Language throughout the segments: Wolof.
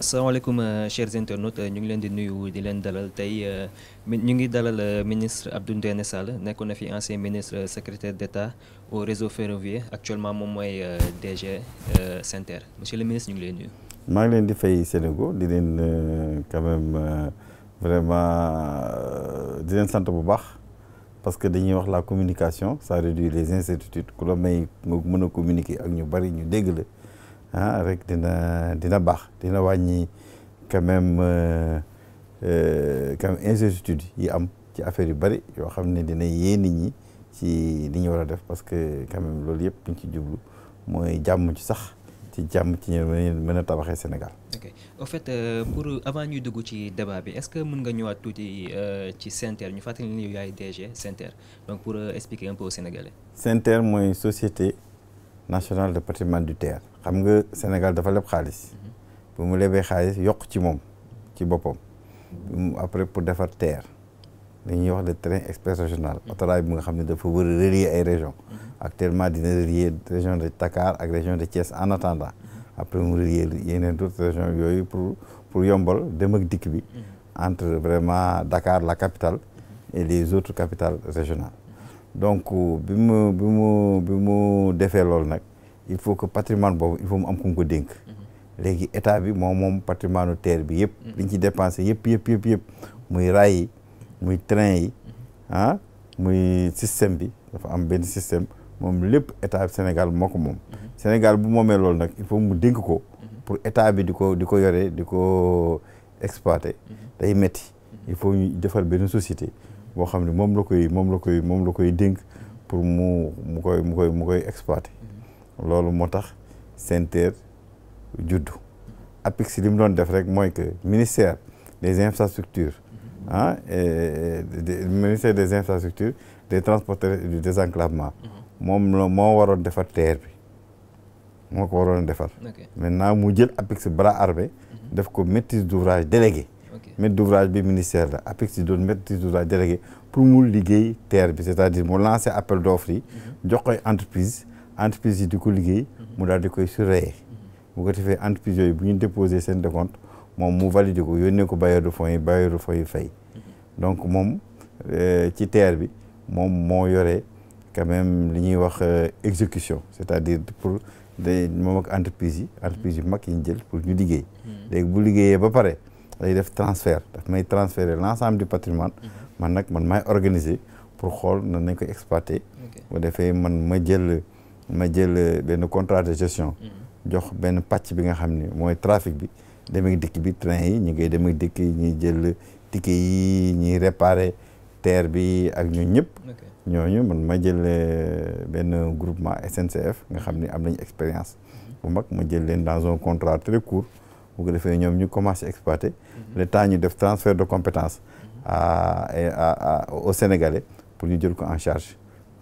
asalaamaaleykum euh, cher internautes euh, ñu ngi leen di nuyu di leen dalal tey euh, ñu ngi dalal ministre Abdou Ndéné Sall nekkoon na fi ancien ministre secrétaire d'État au réseau ferroviaire actuellement moom mooy DG SENTER monsieur le ministre ñu ngi leen nuyu. maa ngi leen di fay Sénégal di leen quand même vraiment di leen sant bu baax parce que dañuy wax la communication ça réduit les incertitudes ku la may nga mën a communiquer ak ñu bari ñu dégg la. ah rek dina dina baax dina wàññi quand même euh, euh, quand même incertitude yi am ci affaire yu bëri yoo xam ne dina yee nit ñi ci li ñu war a def parce que quand loolu yëpp liñ ci jublu mooy jàmm ci sax ci jàmm ci ñu mën a tabaxee Sénégal. ok au fait euh, pour avant ñuy dugg ci débat bi est-ce que mën nga ñëwaat tuuti euh, ci SENTER ñu fàttali ne yow yaay DG SENTER donc pour expliquer un peu aux Sénégalais. mooy société. national de patrimoine du terre xam nga Sénégal dafa leb xaalis mhm. bu mu lebee xaalis yokk ci moom ci boppam après pour defar terre dañuy wax le train express régional mhm. autorail bi nga xam ne dafa wër a relier ay région mhm. actuellement dina relier région de Dakar ak région de Thiès en attendant après mu relier yeneen d'autres yooyu pour pour yombal dem ak dikk bi entre vraiment Dakar la capital et les autres capitales régionales donc euh, bi mu bi mu bi defee loolu nag il faut que patrimoine boobu il faut mu am ku ko dénk. Mhm. léegi état bi moom moom patrimoine terre bi yëpp. Mhm. li ñu ci dépensé yëpp yëpp yëpp yëpp muy raay yi muy train yi mhm. ah muy système bi dafa am benn système moom lépp état Sénégal moo ko moom. Sénégal bu moomee loolu nag il faut mu dénk ko. pour état bi di ko di ko yore di ko exploité. day metti il faut ñu defar benn société. boo xam ne moom la koy moom la koy moom la koy dénk pour mu mu koy mu koy mu koy exploiter loolu moo tax SENTER juddu APIX li mu doon def rek mooy que ministère des infrastructures ah ministère des infrastructures des transporteurs et du désenclavement moom la moo waroon defar TER bi moo ko waroon defar maintenant mu jël APIX bras armé def ko maîtrise d'ouvrage délégué maître d'ouvrage bi ministère la APEX yi doon maître d'ouvrage délégué pour mu liggéey terre bi c'est-à-dire mu lancer appel d'offres yi mhm. jox koy entreprise entreprise yi di ko liggéey mhm. mu daal di koy surveiller mhm. bu ko yooyu bu ñu déposé seen décompte moom mu validé ko yónnee ko bailleur de fonds yi bailleur de fonds yi fay donc moom euh, ci terre bi moom moo yore quand même li ñuy wax euh, exécution c'est-à-dire pour day moom ak entreprise yi entreprise yu mag yi ñu jël pour ñu liggéey léegi bu liggéeyee ba pare day def transfert daf may transférer l' ensemble du patrimoine mhm. man nag man maay organiser pour xool nan nañ ko exploiter bu defee man ma jël ma jël benn contrat de gestion mhm. jox benn pàcc bi nga xam ni mooy trafic bi dem ak dikk bi train yi ñu ngi dem ak dikk yi jël ticket yi ñuy réparer terre bi ak ñun ñëpp ñooñu man ma jël euh, benn groupement SNCF nga xam ni am nañ expérience mhm. bu mag ma jël leen dans un contrat très court bu ko defee ñoom ñu commencé exploiter le temps ñu def transfert de compétence à, à, à au Sénégalais pour ñu jël ko en charge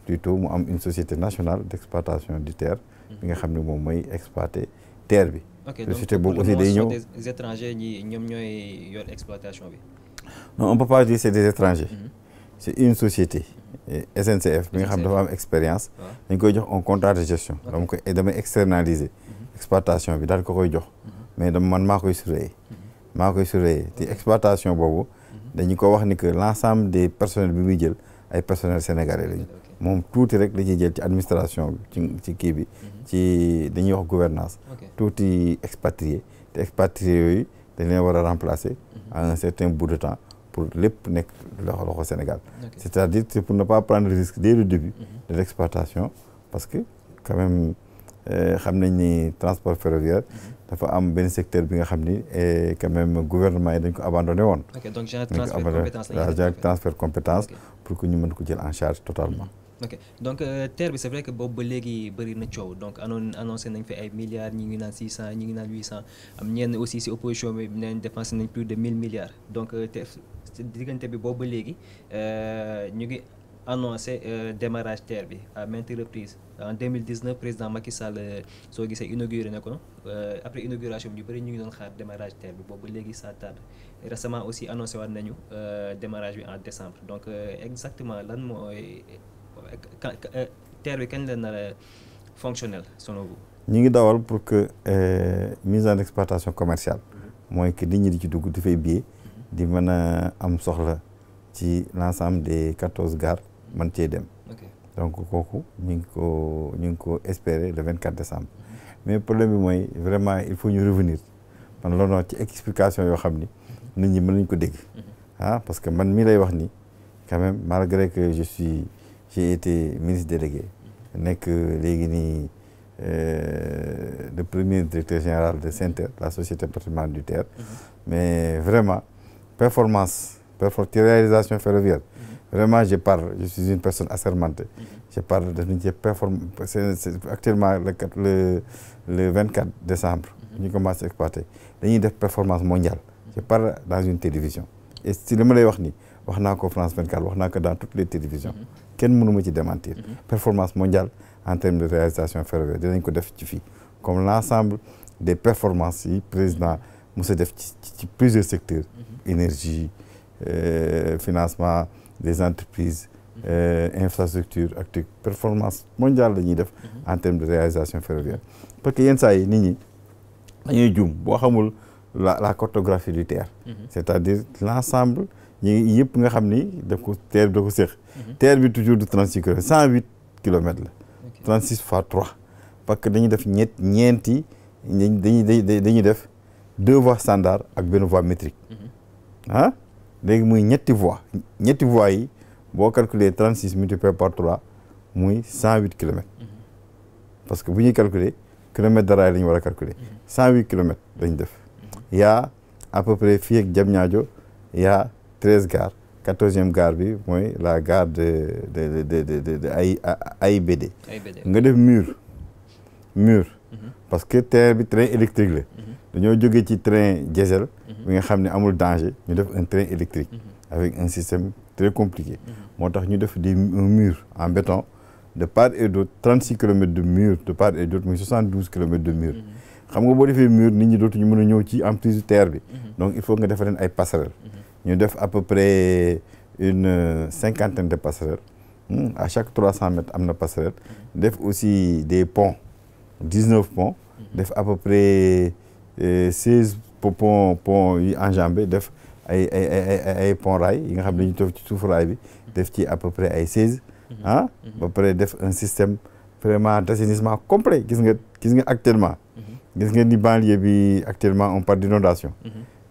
plutôt mu am une société nationale d' exploitation du terre bi nga xam ne moom mooy exploiter terre bi société boobu aussi day ñëw des étrangers ñi ñoom yor exploitation bi non on peut des étrangers mm une société SNCF bi nga xam ne dafa am expérience dañ koy jox un contrat de gestion donc damay externaliser mhm. exploitation bi daal ko koy jox mhm. mais dama man maa koy surveiller maa koy surveiller te exploitation boobu dañu ko wax ni que l' ensemble des personnels bi muy jël ay personnels sénégalais lañu moom tuuti rek dañuy jël ci administration bi ci ci kii bi mhm. ci dañuy wax gouvernance tuuti expatrié te expatrié yooyu dañ leen war a remplacer mhm. à un certain bout de temps pour lépp nekk loxo loxo Sénégal c'est-à-dire c'est pour ne pas prendre risque dès le début mhm. de l'exploitation parce que quand même euh, xam nañ ni transport ferroviaire dafa am benn secteur bi nga xam ni et eh, quand même gouvernement yi dañ ko abandonné woon. ok donc genre transfert compétence la genre transfert compétence pour que ñu mën ko jël en charge totalement. Mm-hmm. donc euh, terre bi c'est vrai que boobu léegi bëri na coow donc anoon annoncé nañ fi milliards ñi ngi naan 600 ñi ngi naan 800 am ñenn aussi ci opposition bi neen dépensé nañ plus de 1000 milliards donc euh, diggante bi boobu ba léegi euh, ñu ngi. annoncé euh, démarrage TER bi à maintes reprises en 2019 président Macky Sall euh, soo gisee inauguré na ko euh, après inauguration bi ñu bëri ñu ngi doon xaar démarrage bi boobu léegi ça tarde récemment aussi annoncé waat nañu démarrage bi en décembre donc exactement lan mooy TER bi kañ la nar a ñu ngi dawal pour que mise en exploitation commercial mhm. mooy que nit ñi di ci dugg di fay billet. Mhm. di mën a am soxla ci l' ensemble des quatorze gares man cee dem. donc kooku ñu ngi ko ñu ngi ko espérer le vingt quatre décembre. mais problème bi mooy vraiment il faut ñu revenir man loolu noonu ci explication yoo xam ni nit ñi mën nañ ko dégg. Mhm. ah parce que man mii lay wax ni quand même malgré que je suis j'ai été ministre délégué. nekk léegi nii euh, le premier directeur général de SENTER la société patrimoniale du TER. Mhm. mais vraiment performance perfor ci réalisation ferroviaire. vraiment je parle je suis une personne assermentée je parle def nañ ci perform c'est actuellement le le le décembre mhm. ñu commencé exploité dañuy def performance mondiale je par dans une télévision et si li ma lay wax ni wax naa ko France 24 wax naa ko dans toutes les télévisions mhm. kenn mënu ma ci démentir mhm. performance mondiale en termes de réalisation ferroviaire dinañ ko def ci fii comme l'ensemble des performance i président Moussa def ci ci plusieurs secteurs énergie euh, financement des entreprises euh, infrastructure ak performance mondiale la ñuy def mhm. en termes de réalisation ferroviaire parce que yenn saa yi nit ñi dañuy juum boo xamul la la cartographie du TER mhm. c'est-à-dire l'ensemble ñi yëpp nga xam ni daf ko TER bi da ko séq mhm. bi toujours de trente-six kilomètres cent huit kilomètres la trente-six fois trois parce que dañuy def ñett ñeenti dañuy dañuy dañuy def deux voies standard ak benn voie métrique ah léegi muy ñetti voies ñetti voies yi boo calculer trente six multiplié par trois muy cent huit kilomètres parce que bu ñuy calculer kilomètre de rail la ñu war a calculer cent huit kilomètres lañ def yaa à peu près fii ak Diamniadio yaa treize gares quatorzième gare bi mooy la gare de de de de de AIBD nga def mur mur mhm. parce que terre bi train électrique la mhm. ñoo jógee ci train diesel. Mhm. bi nga xam ne amul danger ñu def un train électrique. Mhm. avec un système très compliqué. Mhm. moo tax ñu def des un en béton de part et d'autre trente six kilomètres de mur de part et d'autre muy soixante douze kilomètres de mur. xam nga boo defee mur nit ñi dootuñu mun a ñëw ci emprise terre bi. donc il faut nga defa leen ay passerelles. ñu def à peu près une euh, cinquantaine de passerelles. Hmm, à chaque trois cent mètres am na passerelle. def aussi des ponts dix neuf ponts. def à peu près. E seize pont pont yu enjambé def ay ay ay ay pont rail yi nga xam ne dañu toog ci suufu bi def ci à peu près ay seize mhm. ah mhm. ba pare def un système vraiment d'assainissement complet gis nga gis nga actuellement mhm. gis nga ni banlieue bi actuellement on par d'inondation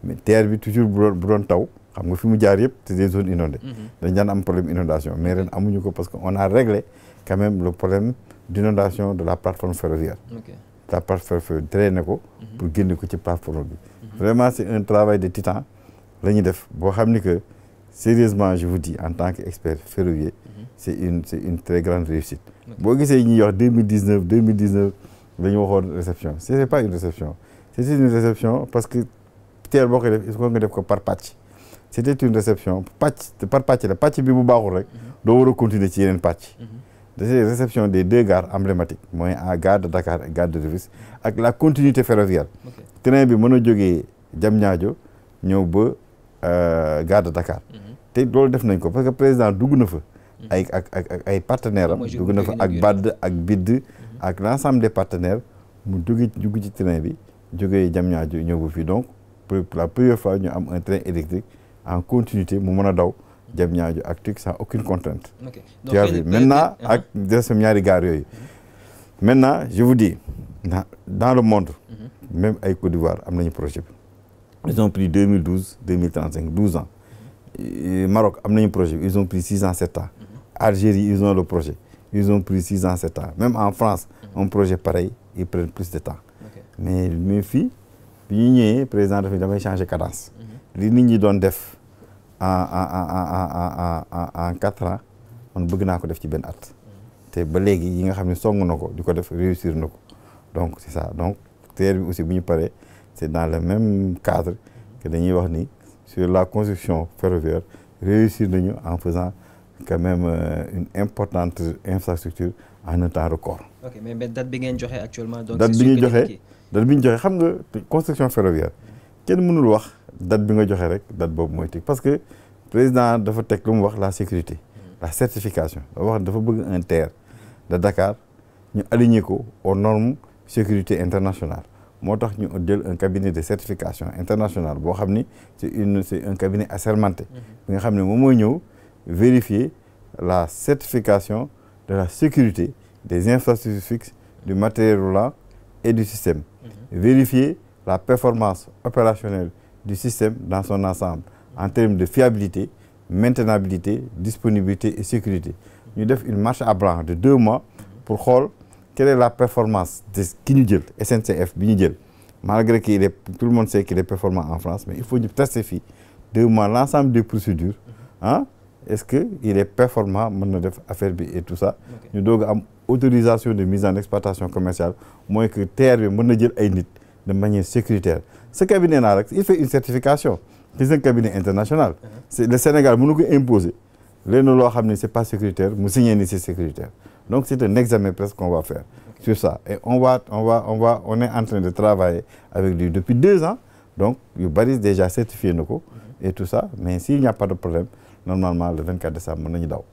mais terre bi toujours bu doon taw xam nga fi mu jaar yëpp te des zones inondées dañ daan am problème inondation mais amuñu ko parce que on a réglé quand même problème d'inondation de la plateforme ferroviaire ta portefeuille drainer ko. Mhm. pour génne ko ci plateforme bi. vraiment c' est un travail de titan la ñuy def boo xam ni que sérieusement je vous dis en tant que expert ferroviaire. Mhm. c' est une très grande réussite. boo gisee ñuy wax deux ñu waxoon réception c' est pas une réception c' est une réception parce que teer boo koy def il faut nga def ko par pacc c' était une réception pàcc par pacc la pàcc bi bu baaxul rek. Mhm. doo war continuer ci yeneen pàcc. des réceptions des deux gares emblématiques mooy à gare de Dakar et gare ak la continuité ferroviaire train bi mën a jóge jam ñaajo ñëw ba euh, gare de Dakar mhm. te loolu def nañ ko parce que président dugg na fa mhm. ay ak ak ay partenaire am dugg na fa ak BAD ak bidd mhm. ak l'ensemble des partenaires mu jóge dugg train bi jógee Diamniadio ñëw ba fii donc pour la première fois ñu am un train électrique en continuité mu mën a daw Diamniadio ak Tuc sans aucune contrainte. ñaari gaar yooyu. maintenant je vous dis dans le monde. Mhm. même ay Côte d'Ivoire am nañu projet bi. ils ont pris 2012 2035 12 ans. Maroc am nañu projet ils ont pris 6 ans 7 ans. Mhm. Algérie ils ont le projet ils ont pris 6 ans 7 ans même en France. Mhm. un projet pareil ils prennent plus de temps. mais mais fii bi ñu ñëwee président dafay damay changer cadence. li nit ñi doon def. en en en en quatre ans man bëgg naa ko def ci benn at. te ba léegi yi nga xam ne song na ko di ko def réussir na ko donc c' ça donc terre bi aussi bu ñu paree c' est dans le même cadre que dañuy wax ni sur la construction ferroviaire réussir nañu en faisant quand même euh, une importante infrastructure en un temps record. ok bi ngeen joxe actuellement. donc date bi ñu joxe date bi ñu joxe xam nga construction ferroviaire. kenn mënul wax date bi nga joxee rek date boobu mooy tig parce que président dafa teg lu mu wax la sécurité la certification dafa wax dafa bëgg un TER de Dakar ñu aligné ko aux normes sécurité internationale moo tax ñu jël un cabinet de certification internationale boo xam ni c'est une c'est un cabinet assermenté bi nga xam ne moom mooy ñëw vérifier la certification de la sécurité des infrastructures fixes du matériel roulant et du système mhm. vérifier la performance opérationnelle du système dans son ensemble en termes de fiabilité, maintenabilité, disponibilité et sécurité. ñu def une marche à blanc de deux mois pour xool quelle est la performance de ki ñu jël SNCF bi ñu jël malgré que il est tout le monde sait qu'il est performant en France mais il faut ñu tester deux mois l'ensemble des procédures ah est-ce que il est performant mën na def affaire bi et tout ça ñu doog am autorisation de mise en exploitation commerciale mooy que terre bi mën na jël ay nit de manière sécuritaire ce cabinet là rek il fait une certification c'est un cabinet international uh-huh. c'est le Sénégal mënu imposé le lenn loo xam ne c'est pas sécuritaire mu signé ni c'est sécuritaire donc c'est un examen presque qu'on va faire okay. sur ça et on va on va on va on est en train de travailler avec lui depuis deux ans donc yu bari déjà certifié na ko uh-huh. et tout ça mais s'il n'y a pas de problème normalement le 24 décembre mën nañu daw.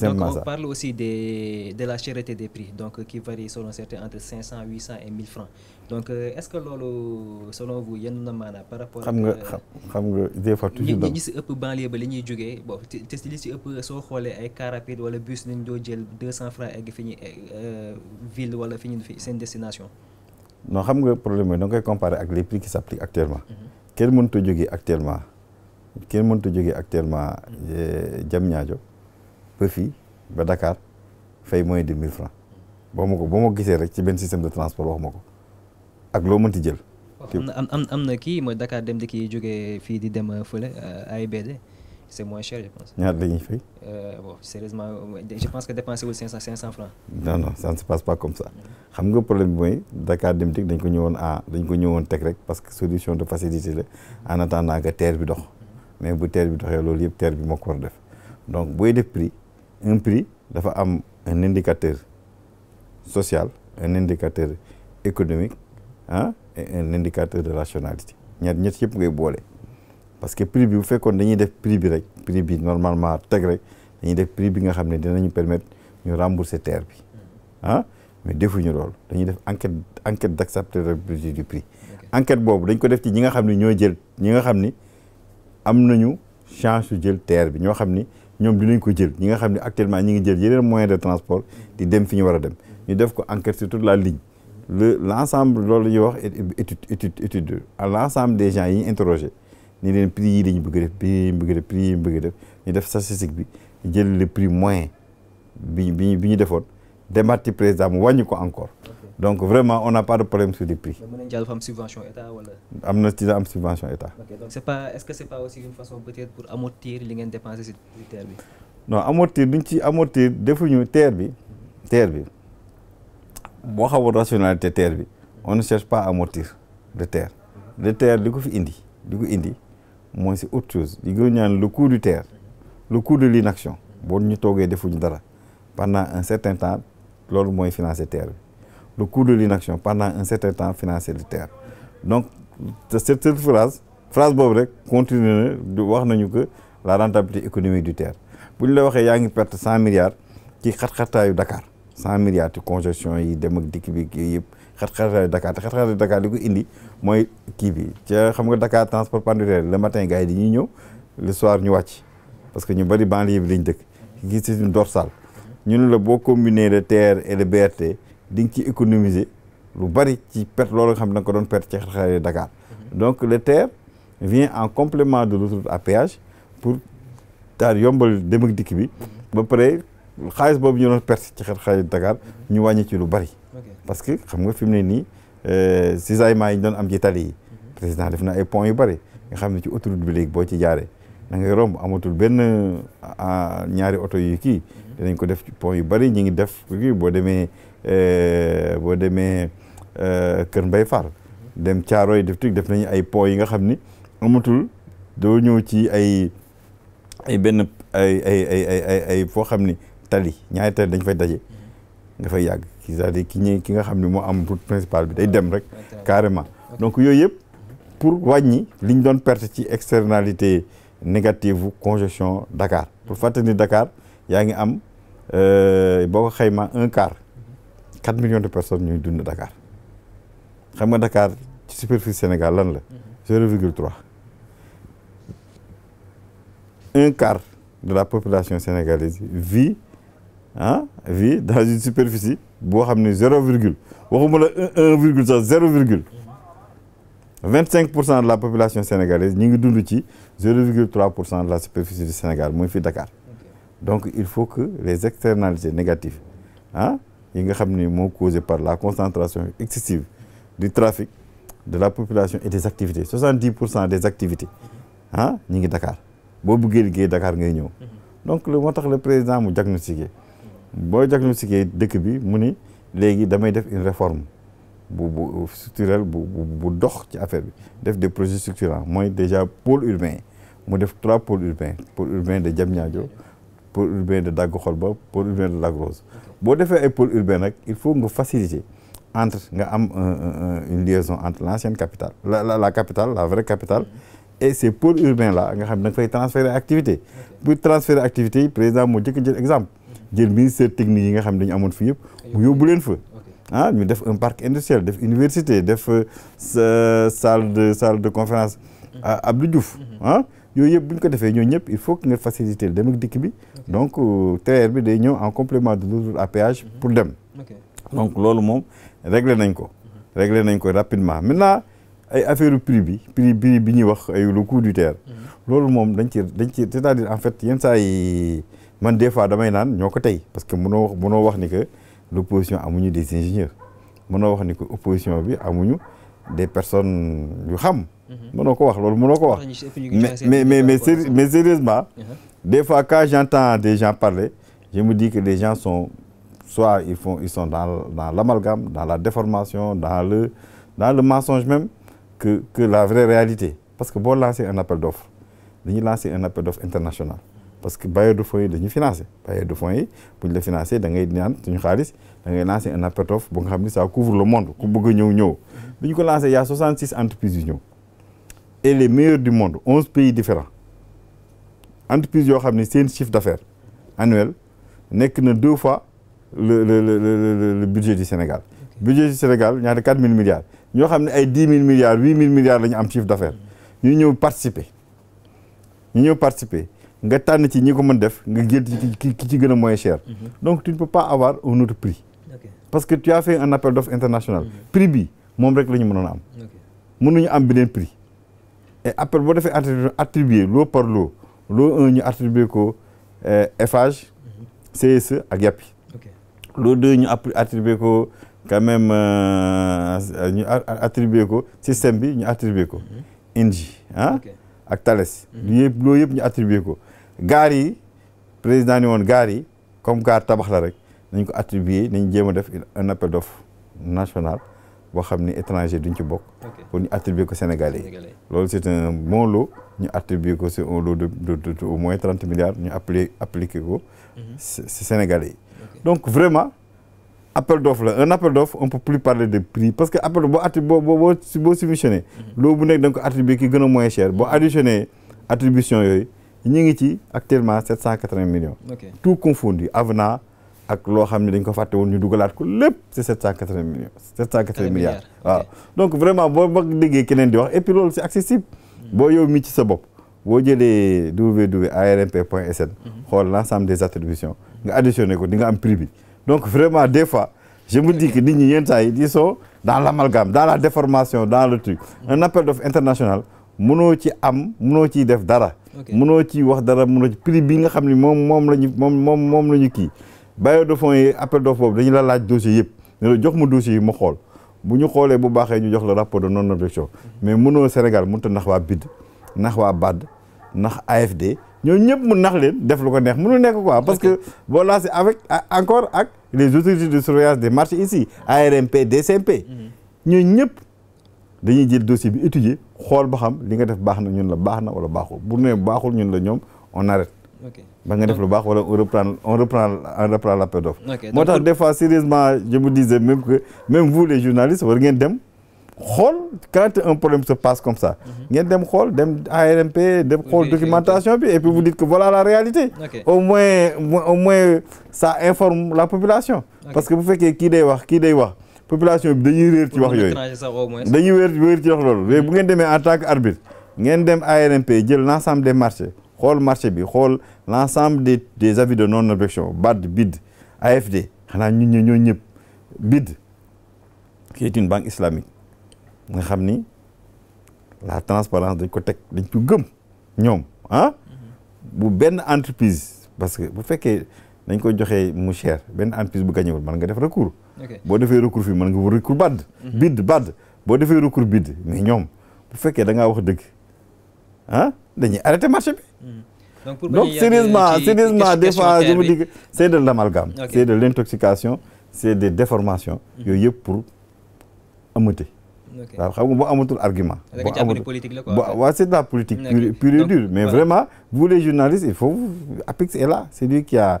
donc on parle aussi de la cherté des prix donc euh, qui varie selon certains entre et 1000 francs donc euh, est-ce que loolu selon vous yenn na maanaam xam nga euh, xam nga des fois toujours. ñi si ëpp banlieue ba li ñuy jógee bon te li si ëpp soo xoolee ay car rapide wala bus nañ doo jël 200 francs egg fi ñuy eh, ville wala fi ñu fi seen destination. non xam nga problème bi da nga koy comparer ak les prix qui s'appliquent actuellement. Mm-hmm. kenn mënut a kenn mënta jógee actuellement eh, Diamniadio ba fii ba dakaar fay moins de mille francs boo ma ko boo ma gisee rek ci benn système de transport wax ma ko ak loo mënti jël. am na na kii mooy Dakar dem di kii jógee fii di dem euh, fële euh, c' est moins cher je pense. ñaar dañuy fay. Euh, bon sérieusement francs. non non ça ne se passe pas comme ça. xam nga problème bi mooy Dakar Dem Dikk dañ ko ñëwoon ah dañ ko ñëwoon teg rek parce que solution de facilité la en attendant que terre bi dox. mais bu TER bi doxee loolu yëpp TER bi moo ko war def donc booy def prix un prix dafa am un indicateur social un indicateur économique ah et un indicateur de rationalité ñett ñett yëpp ngay boole parce que prix bi bu fekkoon dañuy def prix bi rek prix bi normalement teg rek dañuy def prix bi nga xam ne dinañu permettre ñu rembourser TER bi ah mais defuñu loolu dañuy def enquête enquête d'acceptabilité du prix enquête boobu dañ ko def ci ñi nga xam ne ñoo jël ñi nga xam ni am nañu chance su jël TER bi ñoo xam ni ñoom dinañ ko jël ñi nga xam ne actuellement ñi ngi jël yeneen moyen de transport di dem fi ñu war ñu def ko enquête sur toute la ligne le l' ensemble loolu ñuy wax étude étude étude à l' ensemble des gens yi ñu ni leen prix yi dañu bëgg def prix ñu bëgg def ñu def ñu def bi jël le prix moyen bi bi bi ñu defoon démarti président mu wàññi ko encore donc vraiment on n'a pas de problème sur les prix. mën nañu jàll fa am subvention état wala. am na ci am subvention état. ok donc pour amortir li ngeen dépenser si terre bi. non bi. terre bi boo xamul rationalité terre bi on ne cherche pas à amortir de terre. de terre li ko fi indi li ko indi mooy c'est autre chose li gën ñaan le coût du terre le coût de l'inaction boo ñu toogee defuñu dara pendant un certain temps loolu mooy financer terre bi. le coût de l'inaction pendant un certain temps financier du terre donc cette phrase phrase boobu rek continuer wax nañu que la rentabilité économique du terre bu ñu la waxee yaa ngi perte cent milliards ci xat-xataayu Dakar cent milliards ci congestion yi dem ak dikk bi kii yëpp xat-xataayu Dakar te xat-xataayu ko indi mooy kii bi ca xam nga Dakar transport pendulaire le matin gars yi dañuy ñëw le soir ñu wàcc parce que ñu bari banlieue bi lañ dëkk gis c'est une dorsale ñun la boo combiner le TER et le BRT di nga ci économiser lu bari ci perte loolu nga xam ne da nga ko doon perte ci xar-xari Dakar mhm. donc le TER vient en complément de l'autoroute à péage pour daal yombal dem dikk bi mhm. ba pare xaalis boobu ñu doon ci xar-xari mhm. ñu wàññi ci lu bari parce que xam nga fi mu ne nii euh, cisaillement yi ñu doon am ci tali yi président def na ay ponts yu bari xam ne ci autoroute bi léegi boo ci jaaree da romb amatul benn euh, ñaari oto yu kii dinañ ko def ci pont yu bari ñu ngi def kii boo demee Euh, boo demee euh, Kër Mbay Far dem caaro def tuuti def nañu ay pont yi nga xam ni amatul doo ñëw ci ay ay benn ay ay ay ay ay foo xam ni tali ñaari tali dañ fay daje nga fay yàgg cest à ki ñi ki nga xam ne moo am route principale bi day dem rek carrément donc yooyu yëpp pour wàññi li ñu doon perte ci externalité négative bu congestion Dakar pour fàttali ni Dakar yaa ngi am euh, boo ko un quart 4 millions de personnes ñuy dund Dakar xam nga dakaar ci superficie Sénégal lan la. 0,3 mhm. un quart de la population sénégalaise vit ah vit dans une superficie boo xam ne 0 virgule waxuma la 1 virgule sax 0 virgule pour cent de la population sénégalaise ñu ngi dund ci 0,3 pour cent de la superficie du Sénégal muy fi dakaar donc il faut que les externalités négatives ah. yi nga xam ni moo causé par la concentration excessive du trafic de la population et des activités soixante dix pour cent des activités ah ñi ngi dakaar boobu bëggee liggéey Dakar ngay ñëw donc moo tax la président mu diagnostiqué boo diagnostiqué dëkk bi mu ni léegi damay def une réforme bu bu structurelle bu bu dox ci affaire bi def de projets structurants mooy déjà pôle urbain mu def trois pôles urbains pôle urbain de Diamniadio pôle urbain de Dagu Xolba pôle urbain de Lac Rose boo defee ay pôle urbain nag il faut nga faciliter entre nga am une liaison entre l' ancienne capitale la la la capitale la vraie capitale et ces pôles urbains là nga xam ne da nga fay transférer activité pour transférer activité yi président moo jëkk jël exemple jël ministère technique yi nga xam ne dañu amoon fi yëpp mu yóbbu leen fa ah ñu def un parc industriel def université def euh, sale de sale de conférence à Abdou Diouf mhm. ah, yooyu yëpp bu ñu ko defee ñoo ñëpp il faut que nga faciliter dem dikk bi donc euh, TER bi day ñëw en complément de l'autoroute à péage mhm. pour dem donc loolu moom réglé nañ ko mhm. réglé nañ ko rapidement maintenant ay affaire prix bi prix prix bi ñuy wax ay le coût mhm. loolu moom dañ ci dañ ci cest à en fait yenn saa yi man des fois damay naan ñoo ko tey parce que munoo wax mënoo wax ni que l'opposition amuñu des ingénieurs mënoo wax ni que opposition bi amuñu des personnes yu xam Mm-hmm. mënoo ko wax loolu mënoo ko wax mais mais mais mais sérieusement mm-hmm. des fois quand j'entends des gens parler je me dis que les gens sont soit ils font ils sont dans dans l'amalgame dans la déformation dans le dans le mensonge même que la vraie réalité parce que boo lancer un appel d'offres dañuy lancer un appel d'offres international parce que bailleurs de fonds yi dañuy financer bailleurs de fonds yi bu ñu la financer da ngay ñaan suñu xaalis da ngay lancer un appel d'offres bu nga xam ni ça couvre le monde bëgg ñëw ñëw mm-hmm. bi ñu ko lancer il y a 66 entreprises ñëw et les meilleurs du monde onze pays différents entreprise yoo xam ne seen chiffre d'affaires annuel nekk na deux fois le le le le le budget du Sénégal. budget du Sénégal ñaata quatre mille milliards ñoo xam ne ay dix mille milliards huit mille milliards lañu ñu am chiffre d'affaires ñu ñëw participer ñu ñëw participer nga tànn ci ñi ko mën def nga jël ci ki ci gën a moins cher. Mhm. donc tu ne peux pas avoir un autre prix. parce que tu as fait un appel d'offres international. Mhm. prix bi moom rek la ñu mënoon a am. mënuñu am beneen prix. et après boo defee attribué attribué lot par loo lot 1 ñu attribué ko Eiffage euh, mhm. CSE ak Yapi lot 2 ñu attribué ko quand même euh, ñu attribué ko système bi ñu attribué ko mhm. INGIE ah ak Thales mhm. lu yëpp loolu yëpp ñu attribué ko gaar yi président ni woon gaar yi comme gaar tabax la rek nañ ko attribué nañ jéem a def un appel d'offre national boo xam ni étranger duñ ci bokk. pour ñu attribuer ko Sénégalais yi. loolu c'est un bon lot ñu attribuer ko c'est ñu appelé appliqué ko. si mhm. Sénégalais yi. donc vraiment appel d'offre la un appel d'offre on peut plus parler de prix parce que appel boo attrib boo boo boo subventionné. Mhm. bu nekk da ko attribuer ki gën a moins cher boo mhm. additionné attribution yooyu ñu ngi ci actuellement sept cent quatre-vingts millions. tout confondu ak loo xam ne dañ ko fàtte woon ñu duggalaat ko lépp c'est sept cent quatre-vingts millions sept cent quatre-vingts milliards waaw donc vraiment boo ba déggee keneen di wax et puis loolu c'est accessible boo yow mi ci sa bopp boo jëlee www.armp.sn e mhm. xool l'ensemble des attributions nga additionné ko di nga am prix bi donc vraiment des fois je ki dis que nit ñi yenn saa yi ils sont dans l'amalgame dans la déformation dans le truc mhm. un appel d'offres international mënoo ci am mënoo ciy def dara mënoo ci wax dara mënoo ci prix bi nga xam ne moom moom la ñu moom moom moom la ñu kii bailleurs de fonds yi appel d'offre boobu dañu la laaj dossier yëpp ne la jox ma dossier yi ma xool bu ñu xoolee bu baaxee ñu jox la rapport de non objection mais mënoo Sénégal mënut a BID nax waa BAD nax AFD ñooñu ñëpp mu nax leen def lu ko neex mënu nekk quoi parce que boo lancé avec encore ak les autorités des marchés ici ARMP DCMP mm-hmm. ñooñu ñëpp dañuy jël dossier bi étudier xool ba xam li nga def baax na ñun la baax na wala baaxul bu ne baaxul ñun la ñoom on arrête. ba nga def lu baax wala on reprend on reprend on reprend l'appel d'offres moo tax des fois sérieusement je me disais même que même vous war ngeen dem xool quand un problème se passe comme ça mhm. ngeen dem xool dem ARMP dem xool documentation bi et puis vous dites voilà la réalité au moins au moins ça informe la population parce que bu fekkee kii day wax kii day wax population bi dañuy réer ci wax yooyu dañuy wéer wéer ci wax loolu bu ngeen demee en tant que arbitre ngeen dem ARMP jël l'ensemble des marchés xool marché bi xool la ensemble des des avis de non objection BAD BID AFD xanaa ñun ñoo ñoo ñëpp BID qui est une nga xam ni la transparence dañ ko teg dañ ko gëm ñoom ah. bu benn entreprise parce que bu fekkee dañ ko joxe mu cher benn entreprise bu gañewul man nga def recours. boo defee recours fi mën nga recours BAD. Mhm. BID BAD boo defee recours BID mais ñoom bu fekkee da ngaa wax dëgg. ah dañuy arrêté marché bi. Hmm. donc pour donc sérieusement sérieusement des fois je me dis que c' est de l' amalgame. ok c' est de l' intoxication c' est des déformations. Hmm. yooyu yëpp pour amate. waaw xam nga boo amatul argument. boo amatul politique la quoi. waaw c' est de la politique. pure pure et dure mais vraiment vous les journalistes il faut Apix est là c'est lui qui a.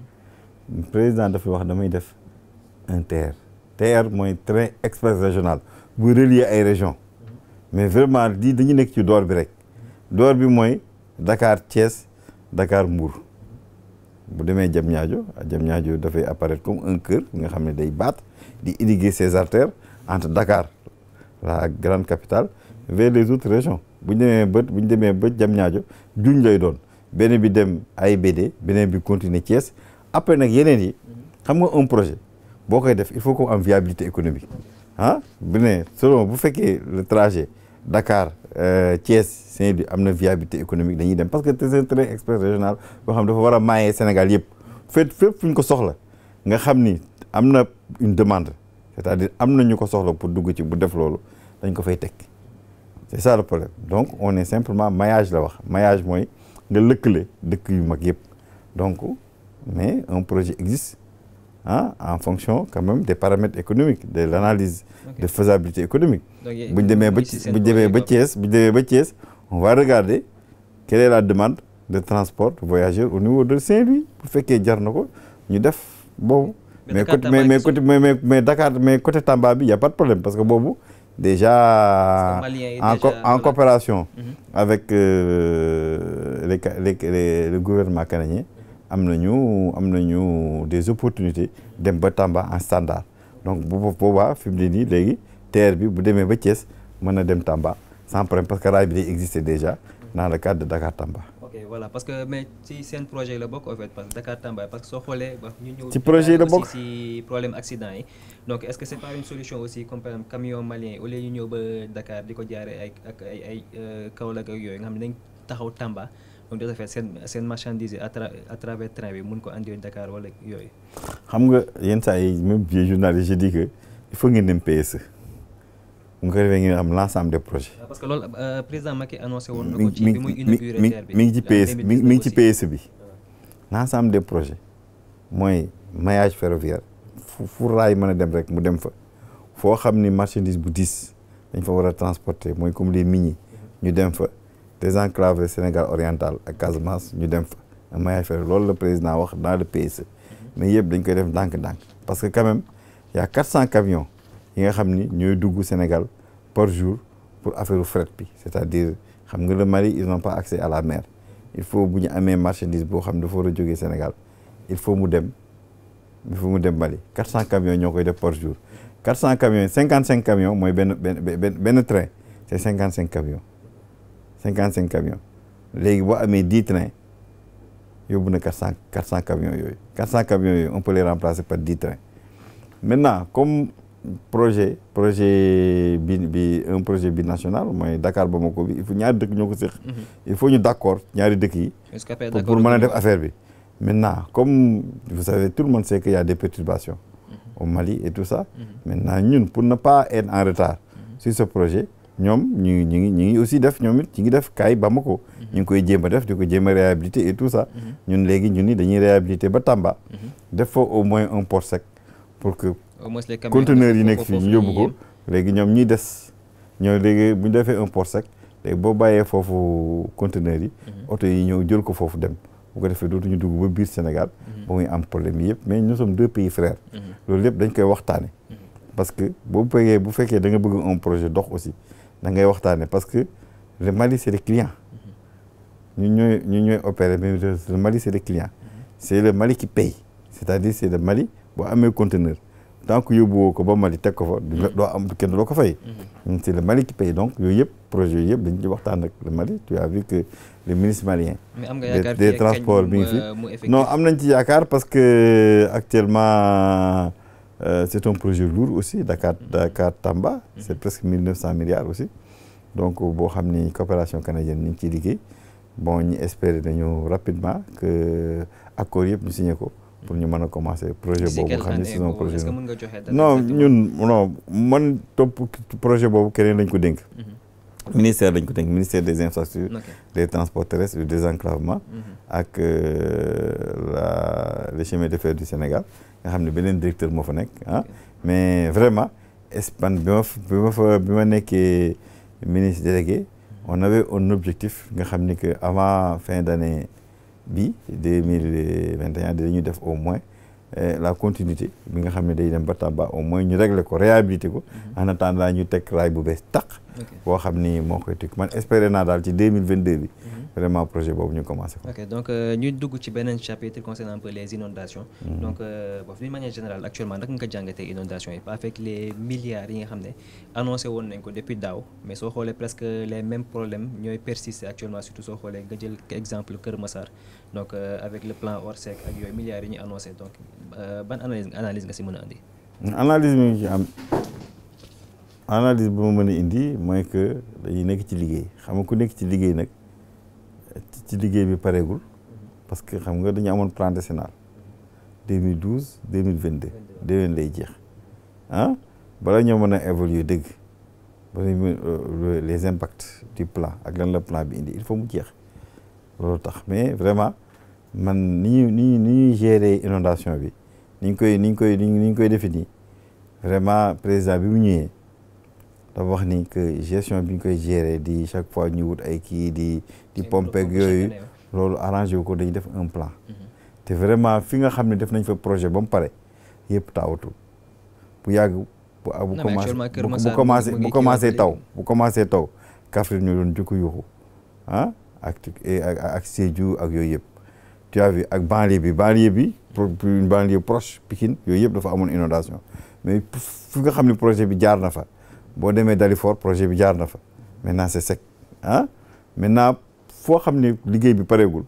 président dafa wax damay def un TR TR mooy train express régional buy relier ay régions mais vraiment di dañu nekk ci door bi rek door bi mooy dakaar Thiès dakaar Mbour bu demee Diamniadio Diamniadio dafay apparaître comme un cœur nga xam ne day baat di irriguer ses artères entre Dakar la grande capitale vers les autres régions bu ñu demee bët bu ñu demee ba Diamniadio juñ lay doon benn bi dem ay AIBD beneen bi continuer Thiès après nag yeneen yi xam nga un projet boo koy def il faut qu'on am viabilité économique ah bu ne selon bu fekkee le trajet Dakar euh, Thiès Saint-Louis am na viabilité économique dañuy dem parce que c'est un train express régional boo xam dafa war a maye yëpp fépp fépp fu ñu ko soxla nga xam ni am na une demande cest am na ko soxla pour dugg ci bu def loolu dañ ko fay teg c'est ça donc on est simplement maillage la wax mayage mooy nga lëkkale dëkk yu mag yëpp donc mais un projet existe ah en fonction quand de des économique économiques de l'analyse okay. de faisabilité économique bu ñu demee ba bu ñu demee ba Thiès bu ñu ba Thiès on va regarder quelle est la demande de transport voyageurs au niveau de Saint-Louis bu fekkee jar na ko ñu def boobu mais côté mais mais côté mais mais Dakar mais côté Tamba bi y a pas de problème parce que boobu déjà en co en coopération mm-hmm. avec euh, les les le gouvernement canadien am nañu am nañu des opportunités dem ba Tamba en standard donc bu boobaa fi mu ne nii léegi TER bi bu demee ba Thiès mën na dem Tamba sans problème parce que rail bi day existé déjà dans le cadre de Dakar Tamba. ok voilà parce que mais ci seen projet la bokk en fait parce que Dakar Tamba parce que soo xoolee. ñu ñëw ci projet la bokk ci problème accident yi. donc est ce que c' est pas une solution aussi comme par exemple camion malien au lieu ñu ñëw ba Dakar di ko jaaree ay ak ay ay euh, Kaolack ak yooyu nga xam ne dañ taxaw Tamba. bu ñu defee seen seen marchandise yi à tra bi mun ko andi Dakar wala yooyu. xam nga yenn saa yi même vieux journaliste je dis il faut ngeen dem PSE. bu nga ko defee ngeen am l' ensemble des ah, parce que loolu euh, président Macky annoncé woon na ko ci bi muy inauguré terre mi ngi ci PSE mi ngi ci e bi. l' ensemble des projets mooy maillage ferroviaire fu fu raay mën a dem rek mu dem fa. foo xam ni marchandise bu diis dañ fa war a transporter mooy comme les mines ñu dem fa. désenclaver Sénégal oriental a Casamance ñu dem fa Mayay Faye loolu la président wax dans le PSE mais yëpp dañ koy def ndànk-ndànk parce que quand même a quatre cent camions yi nga xam ni ñooy dugg Sénégal par jour pour affaire fret bi c'est-à-dire xam nga le Mali ils n'ont pas accès à la maire il faut bu ñu amee marchandise boo xam dafa foo a jógee Sénégal il faut mu dem il faut mu dem Mali quatre cent camions ñoo koy def par jour quatre cent camions cinquante cinq camions mooy benn benn benn benn train c'est cinquante cinq camions cinquante cinq camions léegi boo amee dix trains yóbbu na quatre cent quatre cent camions yooyu quatre cent camions yooyu on peut les remplacer par dix trains maintenant comme projet projet bi bi un projet binational mooy Dakar Bamako bi il faut ñaari dëkk ñoo ko séq mhm. il faut ñu d'accord ñaari dëkk yi pour mën a def affaire bi maintenant comme vous savez tout le monde sait qu'il y a des perturbations mhm. au Mali et tout ça mhm. maintenant ñun pour ne pas être en retard si ce projet ñoom ñu ngi ñu ngi aussi def ñoom it ñu ngi def kaay Bamako. Mhm. ñu ngi koy jéem a def di ko jéem a réhabiliter et tout ça. Mhm. ñun léegi ñun ni dañuy réhabiliter ba Tamba. Mhm. def fa au moins un port sec pour que. au moins les conteneurs yi nekk fii ñu yóbbu ko. léegi ñoom ñuy des ñoo léegi bu ñu defee un port sec léegi boo bàyyee foofu conteneurs yi. oto yi ñëw jël ko foofu dem. bu ko defee dootuñu dugg ba biir Sénégal. ba muy am problème yëpp mais nous sommes deux pays frères. loolu yëpp dañ koy waxtaane parce que boo bëggee bu fekkee da nga bëgg un projet dox aussi. da ngay waxtaane parce que le Mali c'est les ñu ñu ñooy opérer mais le Mali c'est les le Mali qui paye c'est-à-dire c'est le Mali boo amee conteneur tant yobu yóbbuwoo ko ba Mali teg ko fa doo am kenn doo ko fa fay mm-hmm. c'est le Mali qui paye donc yooyu yëpp projet yooyu yëpp dañ ci waxtaan ak le Mali tu as vu que le ministre malien des transports bi ngi fi euh, am nañ ci yaakaar parce que actuellement Euh, c'est un projet lourd aussi Dakar Dakar Tamba. Mm-hmm. c'est presque mille neuf cent milliards aussi. donc euh, boo xam ni coopération canadienne ni ngi ciy liggéey bon ñu espérer nañu rapidement que accords yëpp ñu signé ko. pour ñu mën a commencer projet boobu xam ne sinon projet non ñun non man topp projet boobu keneen lañ ko dénk. Mm-hmm. ministère dañ ko tënk ministère des infrastructures okay. des transports terrestres du désenclavement mm -hmm. ak euh, la les de fer du Sénégal nga xam ne beneen directeur moo fa nekk ah mais vraiment Espagne bi ma bi ma fa nekkee ministre délégué on avait un objectif nga xam ni que avant fin d' année bi deux mille vingt et un dinañu def au moins Euh, la continuité bi nga xam ne day dem ba Tamba au moins ñu régler ko réhabilité ko mhm. en attendant ñu teg raay bu bees tàq boo xam ni moo koy tëkk man espéré naa daal ci deux mille vingt deux bi mhm. vraiment projet boobu ñu commencé ko ok donc euh, ñu dugg ci beneen chapitre concernant un les inondations mhm. donc euh, bon d'une manière générale actuellement naka nga ko jàngatee inondations yi avec les milliards yi nga xam ne annoncé woon nañ ko depuis daaw mais soo xoolee presque les mêmes problèmes ñooy persister actuellement surtout soo xoolee nga jël exemple Kër Massar donc euh, avec le plan Orsec ak yooyu milliards yi ñu annoncé donc euh, ban analyse analyse nga si mën a indi. analyse bi ñu ci am ma mën a indi mooy que dañuy nekk ci liggéey xam nga ku nekk ci liggéey nag ci liggéey bi pareegul parce que xam nga dañu amoon plan décennal 2012 2022 déwén lay jeex ah bala ñoo mën a évoluer dëgg bala euh, les impacts du plan ak lan la plan bi indi il faut mu jeex loolu tax mais vraiment man ni ñuy ni ñuy gérer inondation bi ni ñu koy ni ñu koy ni ñu koy defi nii vraiment président bi mu ñëwee dafa wax ni que gestion bi ñu koy gérer di chaque fois ñu wut ay kii di di pomper ak yooyu loolu arrangé wu ko dañuy def un plan mhm. te vraiment fi nga xam ne def nañ fa projet ba mu pare yëpp taawatul bu yàgg bu bu commencé bu commencé taw bu commencé taw Kaffrine ñu doon jukku yuuxu ah ak ak Sédhiou ak yooyu yëpp tu as ak banlieue bi banlieue bi une banlieue proche Pikine yooyu yëpp dafa amoon inondation mais fu nga xam ne projet bi jaar na fa boo demee Dalifort projet bi jaar na fa maintenant c'est sec ah maintenant foo xam ne liggéey bi pareegul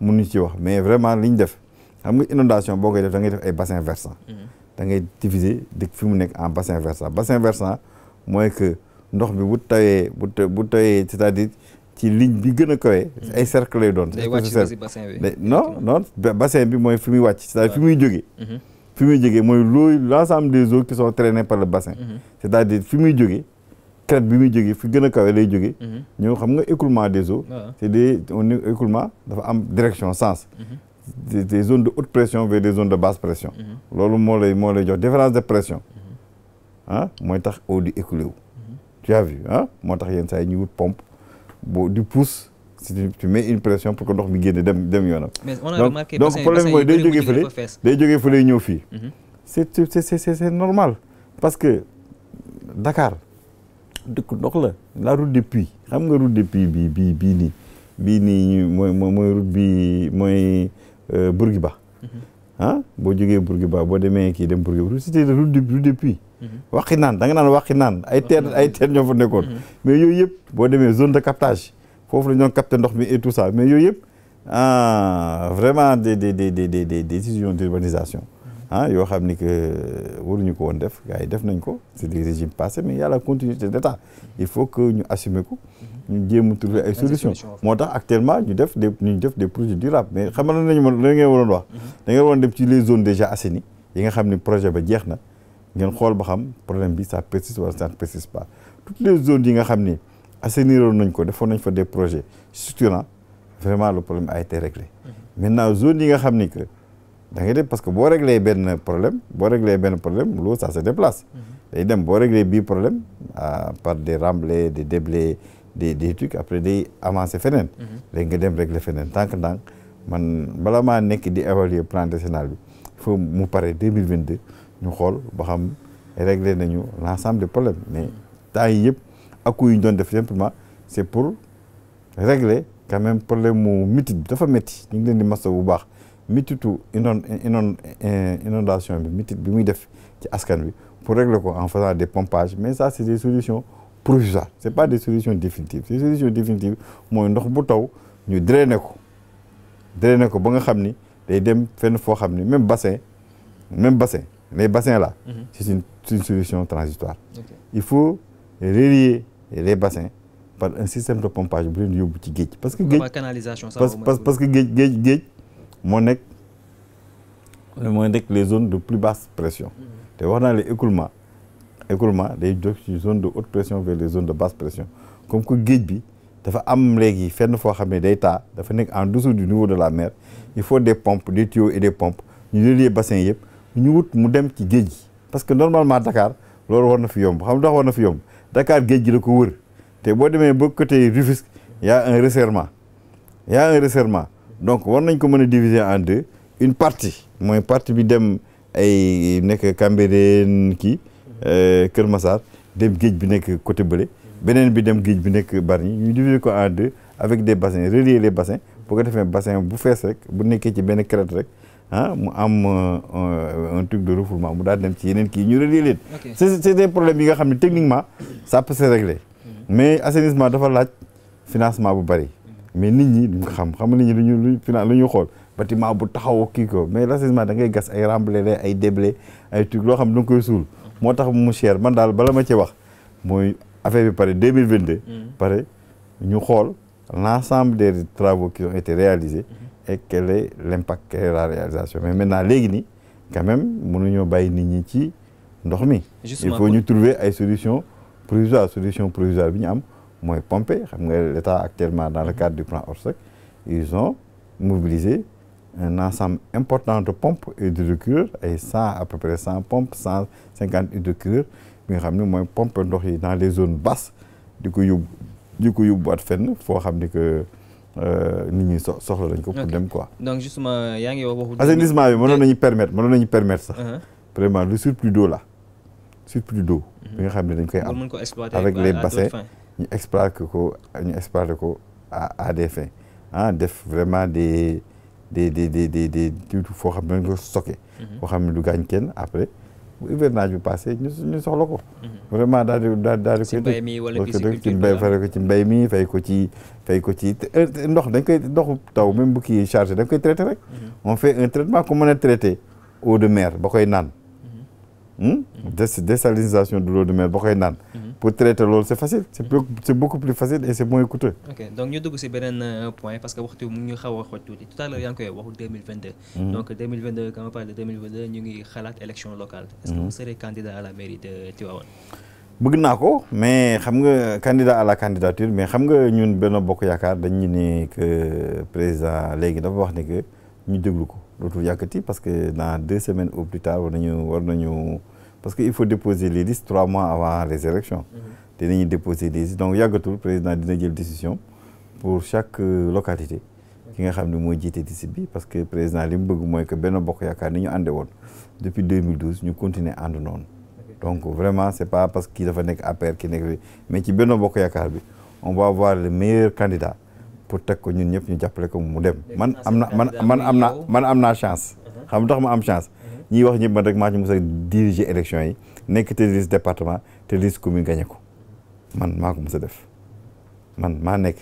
mënuñu ci wax mais vraiment li ñu def xam nga inondation boo koy def da nga def ay bassin versant mm-hmm. da nga diviser dëkk fi mu nekk en bassin versant bassin versant mooy que ndox bi bu tawee bu bu tawee c'est-à-dire ci ligne bi gën a kawe. Mm. ay cercle lay doon. day wàcc ci bassin bi non non bassin bi mooy fi muy wàcc c'est-à-dire fi muy jógee. Mm-hmm. fi muy jógee mooy looy l'ensemble des eaux qui sont traînées par le bassin. Mm-hmm. c'est-à-dire fi muy jógee. crête bi muy jógee fi gën a kawe lay jógee. Mm-hmm. ñëw xam nga écoulement des eaux. c'est des on écoulement dafa am direction sens. Des, zone de haute pression vers des zones de basse pression. loolu moo lay moo lay jox différence de pression. ah mooy tax eau di wu. tu ah, moo tax yenn saa yi ñuy wut pompe. boo di pousse si tu mets une pression pour que ndox mi génne dem dem yoonam. mais on a remarqué donc problème mooy day jógee fële day jógee fële ñëw fii. c' est c' normal parce que Dakar dëkk ndox la la route des puits xam nga route des puits bii bii bii nii bii nii mooy mooy route bii mooy euh, Bourguiba. Mhm. ah boo jógee Bourguiba boo demee kii dem Bourguiba c'était rue du rue du Puy mhm. waxi naan da nga naan waxi naan ay teer ay teer ñoo fa nekkoon mhm. mais yooyu yëpp boo demee zone de captage foofu la ñoo capté ndox mi et tout ça mais yooyu yëpp ah vraiment des des des des décision décisions d'urbanisation ah yoo xam ni que euh, ñu ko woon def ay def nañ ko c'est des régimes passés mais y a la continuité d'état il faut que ñu assumer ko ñu jéem a trouver ay solution moo tax actuellement ñu def des ñu def des projets durables mais xamal nañu ma da ngeen waroon wax mhm. da ngeen waroon dem ci les zones déjà assainies yi nga projet ba jeex na ngeen xool ba xam problème bi ça persiste wala ça ne persiste pas les zones yi nga xam ni assainiroon nañ ko defoon nañ fa des projets structurants vraiment le problème a été réglé mhm. maintenant zone yi nga xam ni que da ngay dem parce que boo réglé benn problème boo réglé benn problème l'eau ça se déplace mhm. day dem boo réglé bii problème ah, par de remblais des déblais des des trucs après day avancé feneen mhm. léegi nga dem réglé feneen ndànk-ndànk man bala maa nekk di évaluer plan de bi il faut mu pare deux mille vingt deux ñu xool ba xam réglé nañu l' ensemble des problèmes mais temps yi yëpp aku yu ñu def simplement c' est pour régler quand même problème mu mitit bi dafa métti ñu ngi leen di masa bu baax mititu inon inon eh, inondation bi mitit bi muy def ci askan bi pour régler ko en faisant des pompage mais ça c'est des solutions provisoires c'est pas des solutions définitives ces solutions définitives mooy ndox bu taw ñu drainer ko drainer ko ba nga xam ni day dem fenn foo xam ni même bassin même bassin les bassins la mm -hmm. c'est une, une solution transitoire il faut relier les bassins par un système de pompage bu leen yóbbu ci géej parce que géej parce, parce, géej géej moo nekk moo nekk les zones de plus basse pression te wax naa les écoulement écoulement day jóg ci zone de haute pression vers les zones de basse pression comme que géej bi dafa am léegi fenn foo xam ne day taa dafa nekk en dessous du niveau de la mer il faut des pomp des tuyaux et des pompes ñu relier bassin yëpp ñu wut mu dem ci géej parce que normalement Dakar loolu war na fi yomb xam ndax war na fi yomb Dakar géej gi da ko wër te boo demee ba côté Rufisque y a un resserrement y a donc war nañ ko mën a diviser en deux une partie mooy partie bi dem ay nekk Cambérène kii euh, Kër Massar dem géej bi nekk côté bële beneen bi dem géej bi nekk Bargny ñu diviser ko en deux avec de bassins relier les bassins ko defee bassin bu fees rek bu nekkee ci benn crête rek ah mu am euh, un truc de refoulement mu daal dem ci yeneen kii ñu relier leen. c'est c'est des problèmes yi nga xam ne techniquement ça peut se régler mm-hmm. mais assainissement dafa laaj financement bu bari. mais nit ñi duñ xam xam nit ñi duñu luñ lu ñu xool bâtiment bu taxaw kii ko mais l'assainissement da ngay gas ay remblai ay déblai ay truc loo xam da nga koy suul moo tax mu cher man daal bala ma ci wax mooy affaire bi pare deux mille vingt deux mm. pare ñu xool l'ensemble des travaux qui ont été réalisés mm-hmm. et quel est l'impact quelle la réalisation mais maintenant léegi nii quand même mënuñoo bàyyi nit ñi ci ndox mi il faut ñu trouver ay solution provisoire solution provisoire bi ñu am mooy pompe xam nga l'État actuellement dans le cadre du plan Orsec ils ont mobilisé un ensemble important de pompes hydrocureurs ay cent à peu près cent pompes cent cinquante hydrocureurs bi nga xam ne mooy pompe ndox yi dans les zones basses di ko yóbbu di ko yóbbuwaat fenn foo xam ni que euh, ni ñi so soxla lañ ko pour dem quoi. donc justement yaa ngi wax waxu. assainissement bi mënoon nañu permettre mënoon nañu permettre sax. Uh-huh. vraiment le surplus d'eau là surplus d'eau uh-huh. bi nga xam ne dañ koy am. avec les bassins ñu exploité ko ñu exploité ko à des fins ah def vraiment des des des des des des foo xam ne dañ stocké. Mhm. foo xam ne du gaañ kenn après bu hivernage bi passé ñu ñu soxla ko. Mhm. vraiment daal di daal daal di. ci mbay mi wala ci mbay fay mbay mi fay ko ci fay ko ci ndox dañ koy ndoxu taw même bu kii chargé dañ koy traité rek. Mhm. on fait un traitement ku mën a traité eau de mer ba koy naan. Hmm? désalinisation de l'eau de mer ba koy naan. pour traiter loolu c' est facile c' beaucoup plus facile et c' est moins ok donc ñu dugg si beneen euh, point parce que waxtu mu ñu xaw a xooj tuuti tout à l'heure koy waxu mm-hmm. donc 2022 quand on parle de 2022 ñu ngi xalaat élection locale. est ce que vous mm-hmm. serez candidat à la mairie de Tivaouane. bëgg naa ko mais xam nga candidat à la candidature mais xam nga ñun benn bokk yaakaar dañu ne que président léegi dafa wax ne ñu déglu ko dootul yàkkati parce que dans deux semaines au plus tard war nañu parce que il faut déposer les listes trois mois avant les élections mhm. dinañu déposer les listes donc yàggatul président dina jël décision pour chaque euh, localité ki nga xam ne mooy jiite district bi parce que président li mu bëgg mooy que benn Bokk Yaakaar ni ñu ànde woon depuis 2012 ñu continuer ànd noonu donc vraiment c'est pas parce que kii dafa nekk APR ki nekk mais ci Benno Bokk Yaakaar bi on va avoir le meilleur candidat pour teg ko ñun ñëpp ñu jàppale ko mu dem man am na man man am naa man am naa chance uh-huh. xam tax ma am chance ñiy wax ñëpp man rek maa ci sa a diriger élection yi nekk te liste département te liste commune gagné man maa ko mos a def man maa nekk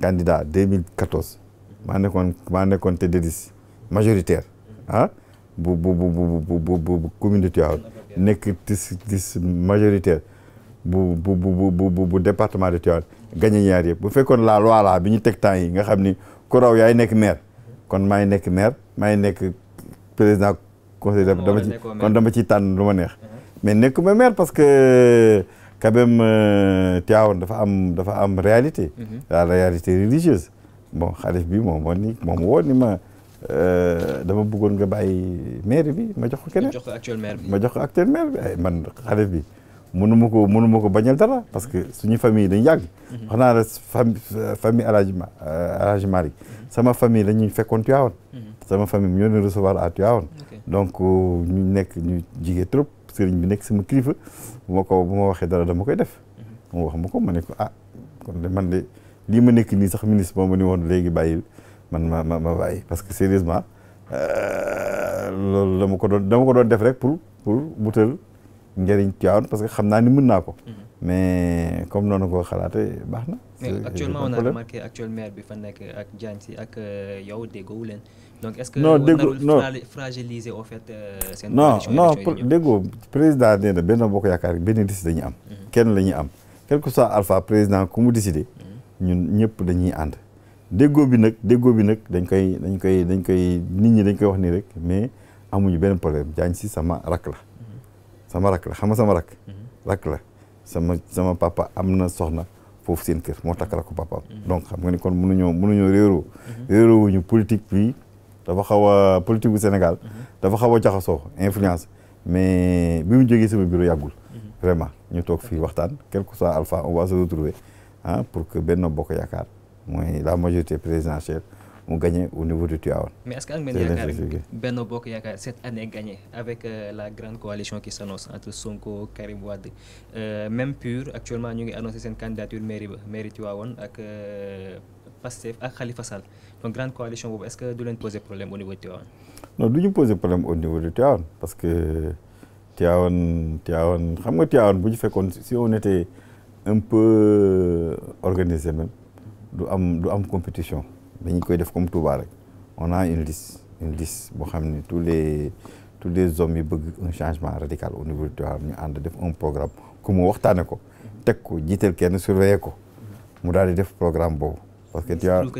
candidat 2014 maa nekkoon maa nekkoon te liste majoritaire ah bu bu bu bu bu bu commune majoritaire bu bu bu bu bu département de Tivaouane gagné ñaar yëpp bu fekkoon la loi bi ñu teg temps yi nga xam ni ku raw yaay nekk maire kon maay nekk maire maay nekk président. conseil dama ci kon dama ciy tànn lu ma neex uh-huh. mais nekkuma maire parce que quand même euh, dafa am dafa am réalité uh-huh. la réalité religieuse bon xalif bi moom moo moom woo ni ma euh, dama buggoon nga bàyyi maire bi ma jox ko keneen ma jox ko actuel maire bi ay man xalif bi mënu ma ko mënu ko bañal dara parce que suñu famille dañu yàgg uh-huh. wax naa la famille Alaaji Alaaji euh, Malick sama famille la ñuy fekkoon Tivaouane sama famille ñoo ne recevoir à Tivaouane donc euh, ñu nekk ñu jige trop sëriñ bi nekk ma kilifa bu ma ko bu ma waxee dara dama koy def mhm. mu wax ma ko ma ne ko ah kon de man de lii ma nekk nii sax ministre moo ma ni woon léegi bàyyil man ma ma ma bàyyi parce que sérieusement euh, loolu dama ko doon dama ko doon def rek pour pour butal njëriñ Tivaouane parce que xam naa ni mën naa ko mhm. mais comme noonu ko xalaatee baax na actuellement on a remarqué actuel maire bi fa nekk ak Diagne si ak euh, yow déggoowu leen donc est ce que non déggu non fragiliser au fait. Euh, seen non non déggoo président nee na benn bokk yaakaar benn liste dañuy am. Mhm. kenn la ñuy am quel que soit président ku mu mhm. ñun ñëpp dañuy ànd. déggoo bi nag déggoo bi nag dañ koy dañ koy dañ koy nit ñi dañ koy wax nii rek mais amuñu benn problème jaañ si sama rak mhm. sama rak xam nga sama rak. rak la sama sama papa am na soxna. foofu seen kër moo takkal ko papaam. donc xam nga ni kon mënuñoo mënuñoo réeroo. réeroo wuñu politique bi. dafa xaw a politique bu Sénégal. Mhm. dafa xaw a jaxasoo influence. mais bi mu jógee sama bureau yàggul. Mhm. vraiment ñu toog fii waxtaan quel que soit alpha on va se retrouver pour que Benno Bokk Yaakaar mooy la majorité présidentielle mu gagné au niveau de Tivaouane. mais est-ce que am ngeen yaakaar Benno Bokk Yaakaar cette année gagné avec euh, la grande coalition qui s'annonce entre Sonko Karim Wade euh, même PUR actuellement ñu ngi annoncé seen candidature mairie ba mairie Tivaouane ak euh, Pastef ak Khalifa Sall. donc grande coalition boobu est-ce que du leen poser problème au niveau de Tivaouane. non du ñu poser problème au niveau de Tivaouane parce que Tivaouane Tivaouane xam nga Tivaouane bu ñu fekkoon si on était un peu organisé même du am du am compétition dañu koy def comme Touba rek on a une liste une liste boo xam ne tous les tous les hommes yi bëgg un changement radical au niveau de Tivaouane ñu ànd def un programme ku mu waxtaane ko teg ko jiital kenn surveiller ko mu daal di def programme boobu. parce que Tivaouane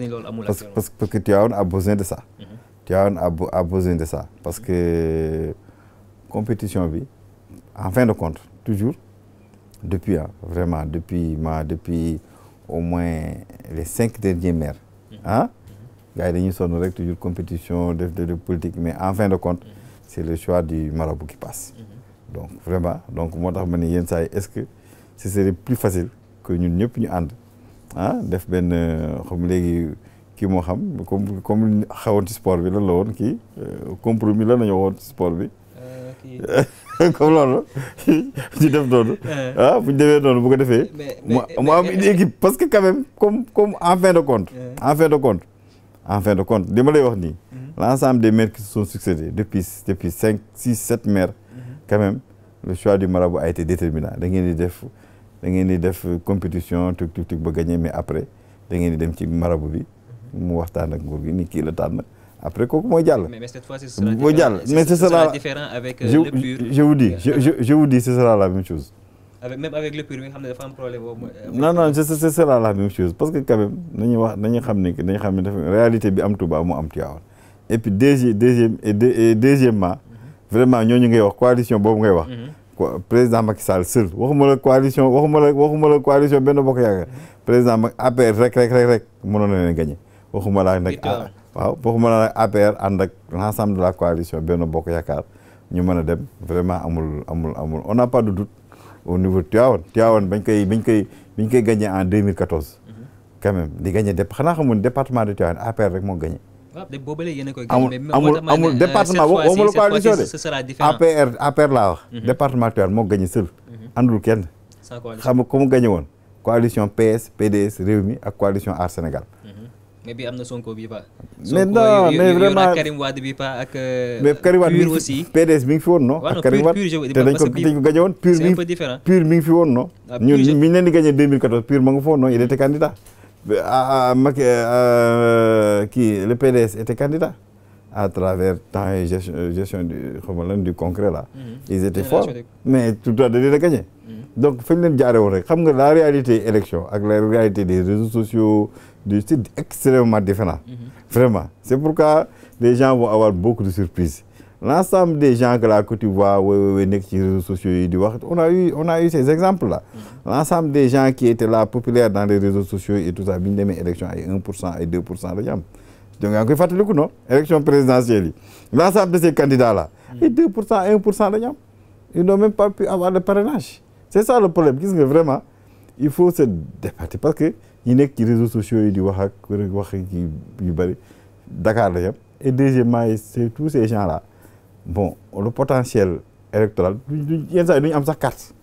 parce, parce, parce que Tivaouane a besoin de ça. Mhm. Tivaouane a a besoin de ça parce que compétition bi en fin de compte toujours depuis ah vraiment depuis ma depuis au moins les cinq derniers maires ah. gars yi dañuy sonn rek toujours compétition def de politique mais en fin de compte mhm. c'est le choix du marabout qui passe. donc vraiment donc moo tax ma ne yenn sa yi est-ce que ce serait plus facile que ñun ñëpp ñu ànd. ah def benn euh, xam léegi kii moo xam comme comme xawoon ci sport bi lan la woon kii euh, compromis la ñu woon ci sport bi. Euh, comme loolu ñu def noonu ah bu demee noonu bu ko defee mu am une équipe parce que quand comme comme en fin de compte en fin de compte en fin de compte li ma lay wax nii mm-hmm. l'ensemble des maires qui se sont succédés depuis depuis cinq six sept maires mm-hmm. quand même le choix du marabout a été déterminant da ngeen di def da ngeen di def compétition tuk tuk tuk ba gagné mais après da ngeen di dem ci marabu bi mu waxtaan ak nguur gi ni kii la tànn après kooku mooy jàll. mais cette fois-ci ce sera mais ce sera différent avec euh, le chose. xam ne dafa am problème boobu. Euh, non non ce ce sera la chose parce que quand même nañu wax nañu xam ne xam ne dafa réalité bi am Touba mu am Tivaouane et puis deuxième deuxième et deuxièmement mm-hmm. vraiment ñooñu ngay wax coalition boobu ngay wax. Mm-hmm. président Macky Sall seul waxuma la coalition waxuma la waxuma la coalition benn bokk yaakaar président Macky APR rek rek rek rek mënoon na leen gagné waxuma laa nag waaw waxuma laa nag APR ànd ak l'ensemble de la coalition benn bokk yaakaar ñu mën a dem vraiment amul amul amul on n'a pas de doute au niveau Tivaouane bañ koy bañ koy bañ koy gagné en 2014 mhm. di gagné dép xanaa xamoon département de Tivaouane appaire rek moo gagné amul amul amul euh, département waxuma la coalition de APR APR laa wax. Mhm. département Tivaouane moo gagné seul. àndul mhm. kenn. xam nga ku mu gagné woon. coalition PS PDS Rewmi ak coalition Aar Sénégal. Mhm. mais bi am na Sonko bi ba. mais bi euh, PDS mi fi woon non. te dañ ko dañ woon. pur mi fi woon non. ah pur mi pur ma nga fa woon non il était Ah, ah, Macky euh, euh, le PDS était candidat à travers temps et gestion euh, du ma lan du concret là. Mhm. ils étaient forts mais tout à fait dañu la gagné. Mhm. donc fañ leen jaaree woon xam nga la réalité élection ak la réalité des réseaux sociaux du site extrêmement différent. Mhm. vraiment c'est pourquoi les gens vont avoir beaucoup de surprises. l'ensemble des gens que là que tu vois ouais nekk ci réseaux sociaux yi di wax on a eu on a eu ces exemples là mm-hmm. l'ensemble des gens qui étaient là populaires dans les réseaux sociaux et tout ça bi demee élection ay 1 pour cent ay 2 pour cent la ñu am donc yaa ngi présidentielle l'ensemble ces candidats là mm-hmm. ay 2 pour cent 1 pour cent la ñu am ils n'ont même pas pu avoir de parrainage c'est ça le problème gis nga vraiment il faut parce que ñi nekk ci réseaux sociaux yi di wax ak wax yu bëri Dakar la ñu am et deuxièmement c'est bon le potentiel électoral yenn saa du ñu am sax carte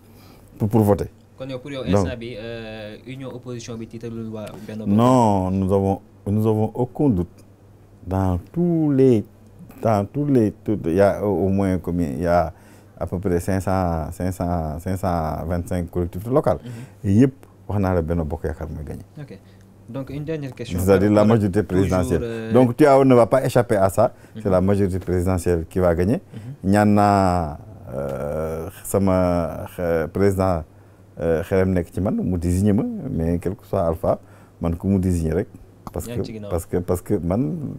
pour pour voter. kon yow pour yow bi euh, union opposition bi tiitalul waa benn. non nous avons nous dans tous les dans tous les il y a au moins combien ya y a peu près cinq cent cinq cent cinq cent vingt cinq collectivités locales. Mm-hmm. yëpp wax naa la benn bokk yaakaar mooy gagné. Donc une dernière question. C'est-à-dire la majorité présidentielle. Euh... Donc Tivaouane ne va pas échapper à ça. Mhm. C'est la majorité présidentielle qui va gagner. Mhm. ñaan naa euh, sama euh, président euh, xelam nekk ci man mu désigné ma mais quel que soit man ku mu désigné rek. parce que parce que parce que man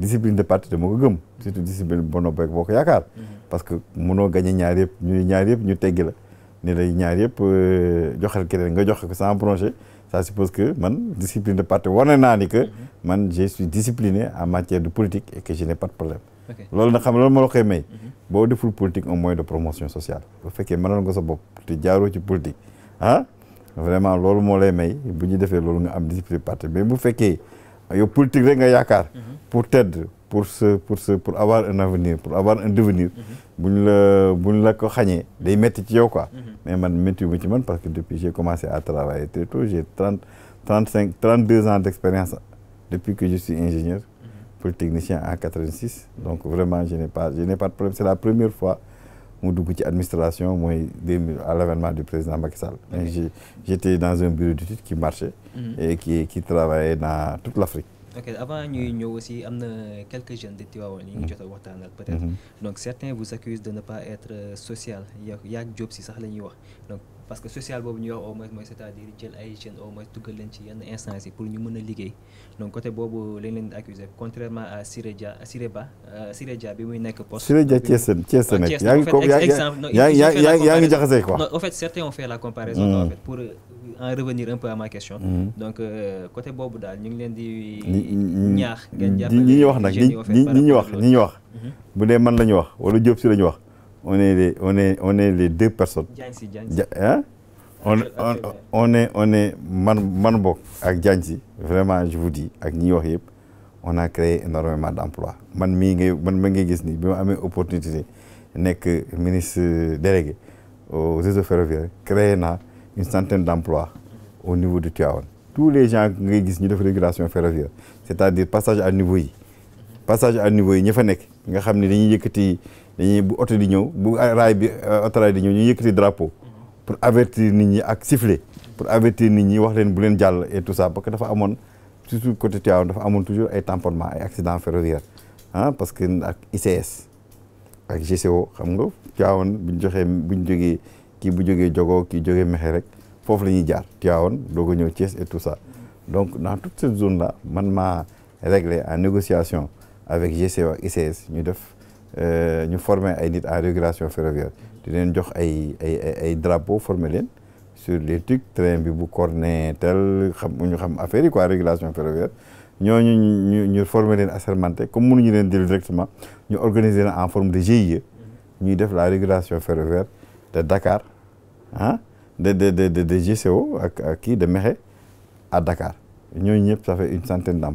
discipline de parti dama ko gëm. surtout discipline Benno Bokk Yaakaar. Mhm. parce que mënoo gagné ñaar yëpp ñu ñaar yëpp ñu teggi la. ni lay ñaar yëpp joxal keneen nga joxe ko sans broncher. ça suppose que man discipline de parti wane naa ni que mhm. man je suis discipliné en matière de politique et que je n'ai pas problème loolu nag xam loolu moo la koy may mhm. boo deful politique au moyen de promotion sociale bu fekkee mënal nga sa bopp te jaaroo ci politique ah vraiment loolu moo lay may bu ñu defee loolu nga am discipline parti mais bu fekkee Ah, yow politique rek nga yaakaar. pour tedd pour se pour se pour avoir un avenir pour avoir un devenir. bu ñu la bu ñu la ko xañee day métti ci yow quoi. mais man métti wu ci man parce que depuis j'ai commencé à travailler très tôt j'ai trente trente cinq trente deux ans d'expérience depuis que je suis ingénieur. polytechnicien en quatre-vingt-six donc vraiment je n'ai pas de problème c'est la première fois. mu dugg ci administration mooy deux mille à l'avènement du président Macky Sall. Okay. j'étais dans un bureau d'études qui marchait. Mm -hmm. et qui qui dans toute l'Afrique. avant ñuy ñëw aussi am na quelques jeunes de Tivaouane yi ñu jot a waxtaanal mhm. peut-être. Mm -hmm. donc certains vous accusent de ne pas être euh, social yaa yaa si sax la ñuy wax donc. parce que social boobu ñuy wax au moins mooy c'est-à-dire jël ay jeunes au moins tuggal leen ci yenn instances pour ñu mën a liggéey donc côté boobu di accuser contrairement à Siré Dia Siré Ba Siré Dia daal ñu ngi leen di. ñaax ñi ñi wax nag ñi ñi wax ñi ñuy wax. Mm-hmm. bu dee man la ñu wax wala Diop si la wax on est les on est on est les deux personnes. Diagne si si ah. on on on on man man bokk ak Diagne si vraiment je vous dis ak ñi wax yëpp on a créé énormément d'emplois man mii ngay man ma ngay gis nii bi ma amee opportunité nekk ministre délégué au réseau ferroviaire créer na une centaine d'emplois au niveau de Tivaouane tous les gens ngay gis ñu def régulation ferroviaire c'est-à-dire passage à niveau yi passage à niveau yi ñi fa nekk. nga xam ne dañuy yëkkati dañuy bu oto di ñëw bu raay bi autoraay euh, di ñëw ñu yëkkati drapeau pour avertir nit ñi ak siffler pour avertir nit ñi wax leen bu leen jàll et tout parce que dafa amoon surtout côté Tivaouane dafa amoon toujours ay tamponnement ay accident ferroviaire ah, parce que ak ICS ak GCO xam nga Tivaouane buñ joxee buñ jógee kii bu jógee Diogo kii jógee Mexe rek foofu la ñuy jaar Tivaouane doo ko ñëw ci et tout ça donc dans toute cette zone la man maa réglé en négociation avec GCO ICS ñu def euh, ñu former ay nit en régulation ferroviaire di leen jox ay ay ay drapeau former leen sur les trucs train bi bu corné tel xam ñu xam affaire yi quoi régulation ferroviaire ñooñu ñu ñu former leen assermenté comme mënuñu leen jël directement ñu organiser na en forme de GIE ñuy def la régulation ferroviaire de Dakar ah de de de de GCO ak kii de Mékhé à Dakar ñooñu ñëpp ça une centaine d'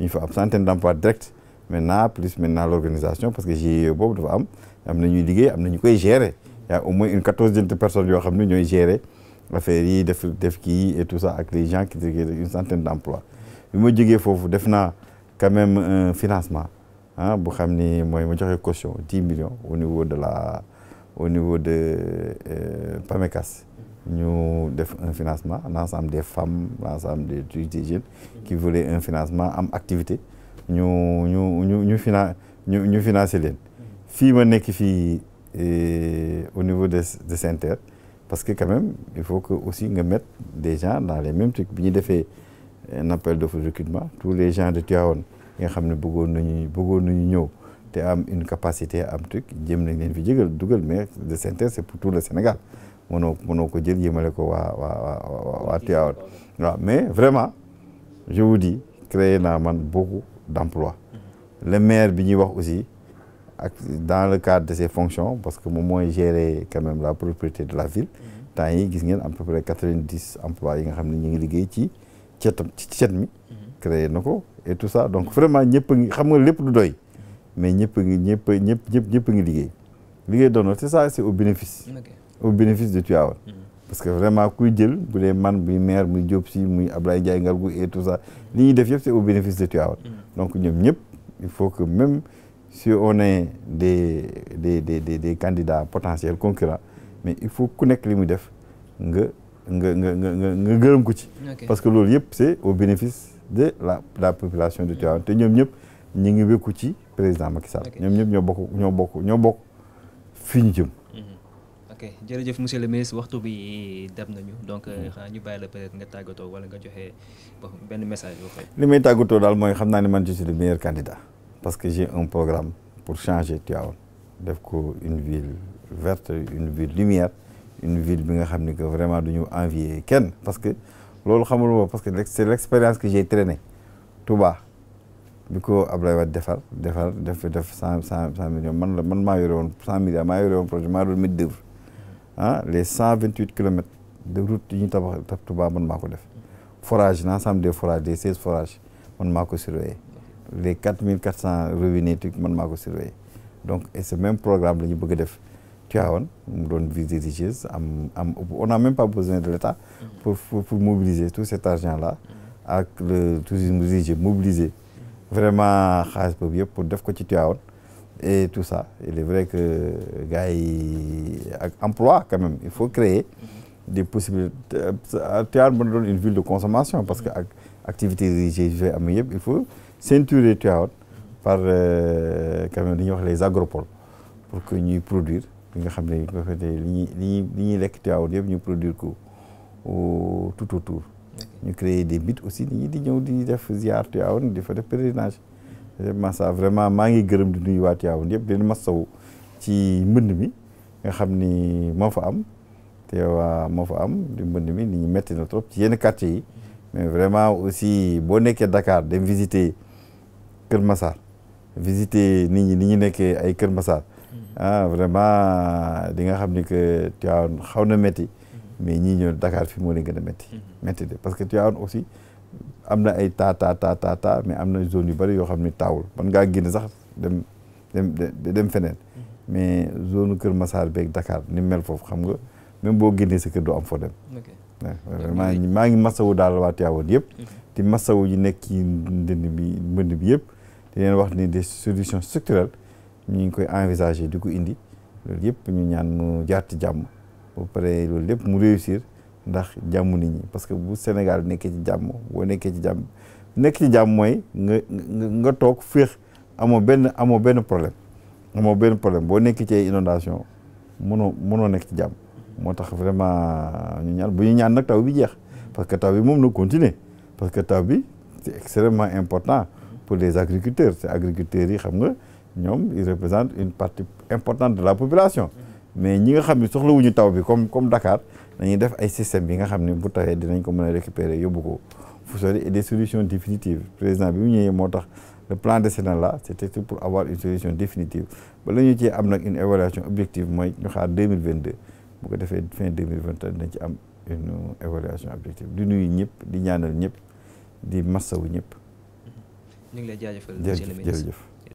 ñu fa am centaine d' emplois directs maintenant plus maintenant l' organisation parce que GIE e boobu dafa am am na ñuy liggéey am na ñu koy gérer y' au moins une quatorzaine de personnes yoo am ne ñooy gérer affaire yi def def kii et tout ça ak les gens qui une centaine d' emplois bi ma jógee foofu def naa quand même un financement ah bu xam ni mooy ma joxe caution 10 millions au niveau de la au niveau de euh, PAMECAS ñu def un financement l'ensemble des femme l'ensemble des des jeunes qui voulaient un financement am activité ñu ñu ñu ñu finan ñu ñu financer leen fii ma nekk fii au niveau de de Sen'Ter parce que quand même il faut que aussi nga mettre des gens dans les même trucs bi ñu defee un appel de recrutement tous les gens de Tivaouane nga xam ne bëggoon nañu bëggoon nañu ñëw te am une capacité am truc jëm nañ leen fi jëgal dugal mais de Sen'Ter c'est pour tout le Sénégal mënoo mënoo ko jël jëmale ko waa waa waa waa mais vraiment je vous dis naa man beaucoup d'emplois le maire bi ñuy wax aussi ak dans le cadre de ses fonctions parce que moom mooy gérer quand la propriété de la ville temps yi gis ngeen à peu près quatre-vingt-dix emplois yi nga xam ne ñu ngi liggéey ci cetam ci cet mi créé na ko et tout ça donc vraiment ñëpp a xam nga lépp du doy mais ñëpp ngi ñëpp ñëpp ñëpp ñëpp a ngi liggéey liggéey doon na c'est ça c'est au bénéfice au bénéfice de Tivaouane mm. parce que vraiment kuy jël bu dee man muy maire muy Diop si muy Ablaye Ndiaye Ngalgou et tout ça li ñuy def yëpp c'est au bénéfice de Tivaouane mm. donc ñoom ñëpp il faut que même si on est des des des des, des candidats potentiels concurrents mais il faut ku nekk li muy def nga nga nga nga nga ko ci parce que loolu yëpp c'est au bénéfice de la la population de Tivaouane mm. te ñoom ñëpp ñi ngi wékku ci président Macky ñoom ñëpp ñoo bokk ñoo bokk ñoo bokk fii ñu jëm ok jërëjëf monsieur le ministre waxtu bi dem nañu donc euh, xanaa ñu bàyyi la peut nga tàggatoo wala nga joxe benn message li may tàggatoo daal mooy xam naa ne man je suis le meilleur candidat parce que j'ai un programme pour changer Tivaouane def ko une ville verte une ville lumière une ville bi nga xam ne ko vraiment du ñu envier kenn parce que loolu xamuloo parce que c'est l'expérience que j'ai traînée Touba bi ko Ablaye Wade defar defar def def cent cent cent millions man la ah les cent vingt huit kilomètres de route yi ñu tabax Touba man maa ko def forage l'ensemble des forages des seize forages man maa ko surveiller les quatre mille quatre cent robinets man maa ko surveiller donc et ce même programme la ñu bëgg a def Tivaouane mu doon visite religieuse am am on n'a même pas besoin de l'État pour, pour pour mobiliser tout cet argent la ak le tourisme religieux mobiliser vraiment xaalis boobu yëpp pour def ko ci Tivaouane et tout ça il est vrai que gars yi ak emploi quand il faut créer des possibilités Tivaouane mën na doon une ville de consommation parce que ak activité religieuse am yëpp il faut ceinturer Tivaouane par euh, quand même ñuy wax les agropoles pour que ñuy produire li nga xam ne li ñuy li ñuy li ñuy lekk Tivaouane yëpp ñu produire ko tout autour ñu créer des bites aussi nit ñi di ñëw di def ziar Tivaouane di fa def pèlerinage yëpp massa vraiment maa ngi gërëm di nuyu waat yaawoon yëpp di masaw ci mbënd mi nga xam ni moo fa am te waa moo fa am di mbënd mi ni ñi metti na trop ci yenn quartier yi mais vraiment aussi boo nekkee Dakar dem visiter Kër Massar visiter nit ñi ni ñu nekkee ay Kër Massar mhm. ah vraiment di nga xam ni que Tivaouane xaw na métti mhm. mais ñii ñëw dakaar fi moo leen gën a métti métti mhm. de parce que Tivaouane aussi am na ay taa taa taa taa taa mais am na zone yu bëri yoo xam ni taawul man ngaa génn sax dem dem dem feneen mm-hmm. mais zone Kër Massar beeg Dakar ni mel foofu xam nga même boo génnee sa kër doo am foo dem maa ngi maa ngi masawu daal waa Tivaouane yëpp di masawu yi nekk ci ndënd bi mbënd bi yëpp di leen wax ni de solutions structurelles ñu ngi koy envisager di ko indi loolu yëpp ñu ñaan mu jaar ci jàmm ba pare loolu yëpp mu réussir ndax jàmm nit ñi parce que bu Sénégal nekkee ci jàmm boo nekkee ci jàmm nekk ci jàmm mooy nga nga toog féex amoo benn amoo benn problème amoo benn problème boo nekkee ci inondation mënoo mënoo nekk ci jàmm moo tax vraiment ñu ñaan bu ñu ñaan nag taw bi jeex parce que taw bi moom na continuer parce que taw bi c'est extrêmement important pour les agriculteurs ces agriculteurs yi xam nga ñoom ils représentent une partie importante de la population mais ñi nga xam ne soxlawuñu taw bi comme comme Dakar dañuy def ay système bi nga xam ne bu tawee dinañ ko mën a récupérer yóbbu ko fu sori et des solutions définitives président bi mu ñëwee moo tax le plan décennal là c' était pour avoir une solution définitive ba ñu cee am nag une évaluation objective mooy xaar deux mille vingt deux bu ko defee fin deux mille vingt dinañ ci am une évaluation objective di nuyu ñëpp di ñaanal ñëpp di massawu ñëpp. ñu ngi lay jaajëfal monsieur le ministre jërëjëf